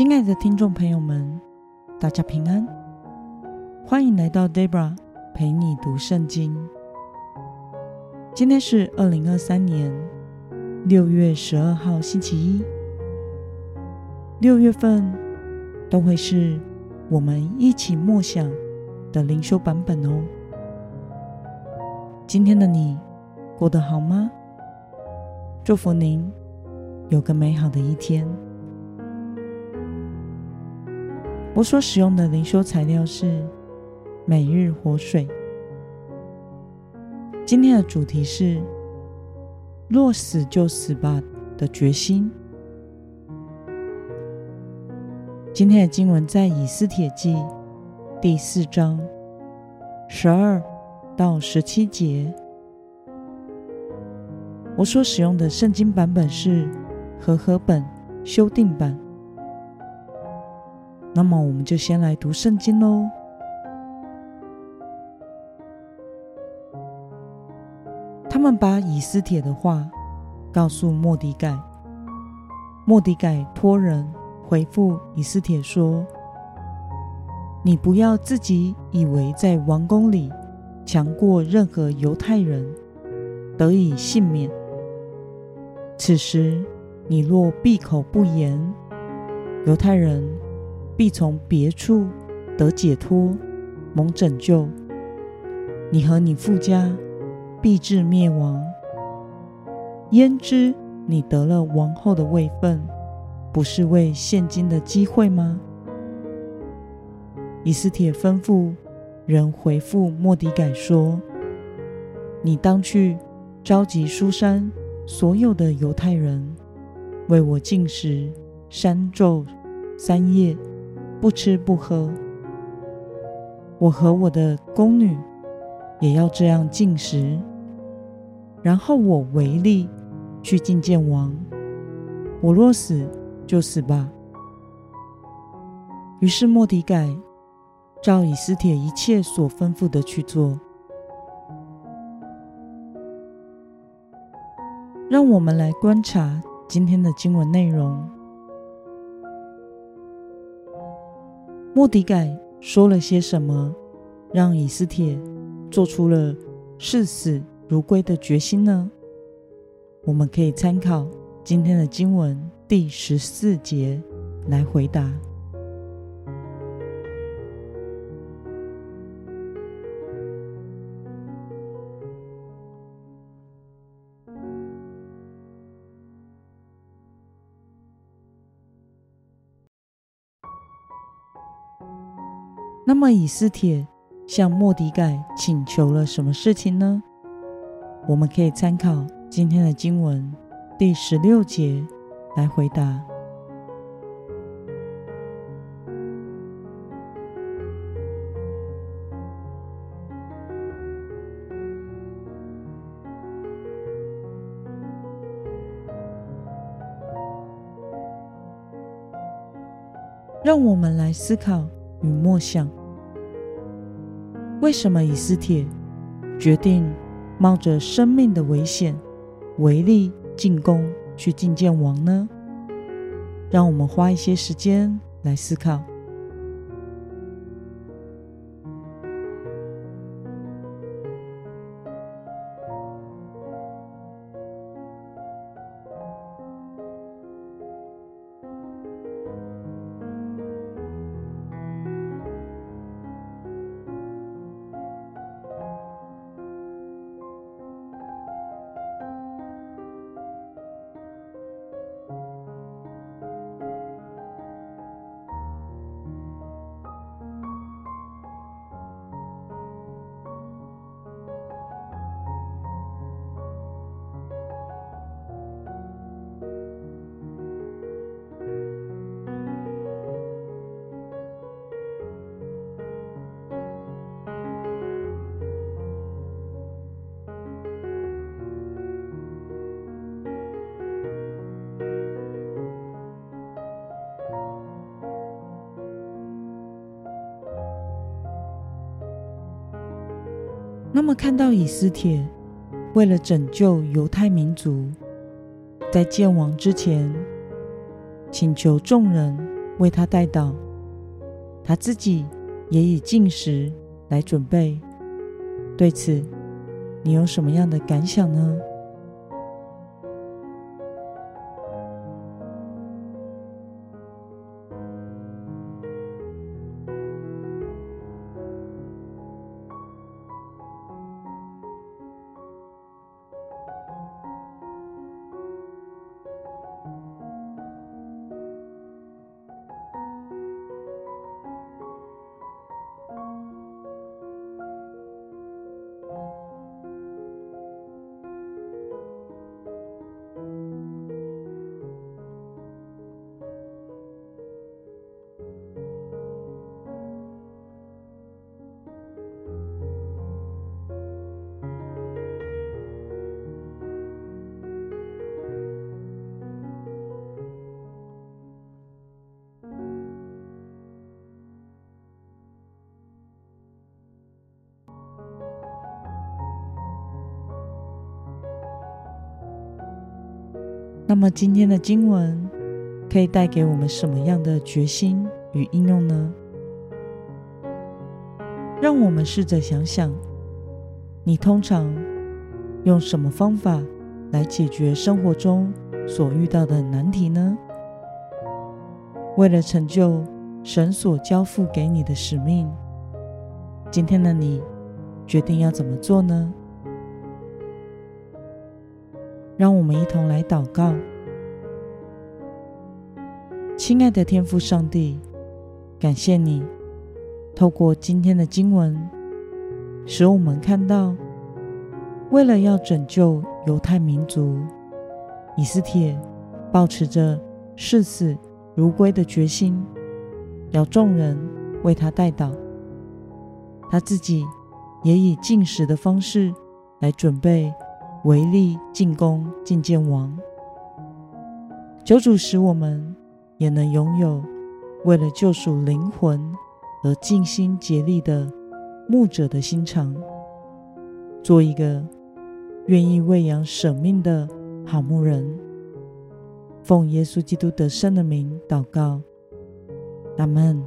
親愛的聽眾朋友們，大家平安，歡迎來到 Debra 陪你讀聖經。今天是二零二三年六月十二號星期一。六月份都會是我們一起默想的靈修版本哦。今天的你過得好嗎？祝福您有個美好的一天。我所使用的靈修材料是《每日活水》。今天的主題是“若死就死吧”的決心。今天的經文在《以斯帖記》第四章十二到十七節。我所使用的聖經版本是和合本修訂版。那麼我們就先來讀聖經咯、哦、他們把以斯帖的話告訴末底改，末底改托人回復以斯帖說：“你不要自己以為在王宮裡強過任何猶太人，得以幸免。此時你若閉口不言，猶太人。”必從別處得解脫，蒙拯救。你和你父家必致滅亡。焉知你得了王後的位分，不是為現今的機會嗎？以斯帖吩咐人回復末底改說：“你當去召集書珊所有的猶太人，為我禁食三晝三夜。”不吃不喝，我和我的宮女也要這樣禁食。然後我違例去晉見王，我若死就死吧！於是末底改照以斯帖一切所吩咐的去做。讓我們來觀察今天的經文內容。末底改說了些什麼，讓以斯帖做出了視死如歸的決心呢？我們可以參考今天的經文第十四節來回答。那麼，以斯帖向末底改請求了什麼事情呢？我們可以參考今天的經文第十六節來回答。讓我們來思考。與默想，為什麼以斯帖決定冒着生命的危險，違例進宮去覲見王呢？讓我們花一些時間來思考。那麼，看到以斯帖為了拯救猶太民族，在見王之前，請求眾人為他代禱，他自己也以禁食來準備。對此，你有什麼樣的感想呢？那麼今天的經文可以帶給我們什麼樣的決心與應用呢？讓我們試着想想，你通常用什麼方法來解決生活中所遇到的難題呢？為了成就神所交付給你的使命，今天的你決定要怎麼做呢？讓我們一同來禱告，親愛的天父上帝，感謝你透過今天的經文，使我們看到，為了要拯救猶太民族，以斯帖抱持着視死如歸的決心，要眾人為他代禱，他自己也以禁食的方式來準備。違例進宮，晉見王。求主使我們也能擁有為了救贖靈魂而盡心竭力的牧者的心腸，做一個願意為羊捨命的好牧人。奉耶穌基督得勝的名禱告，阿們。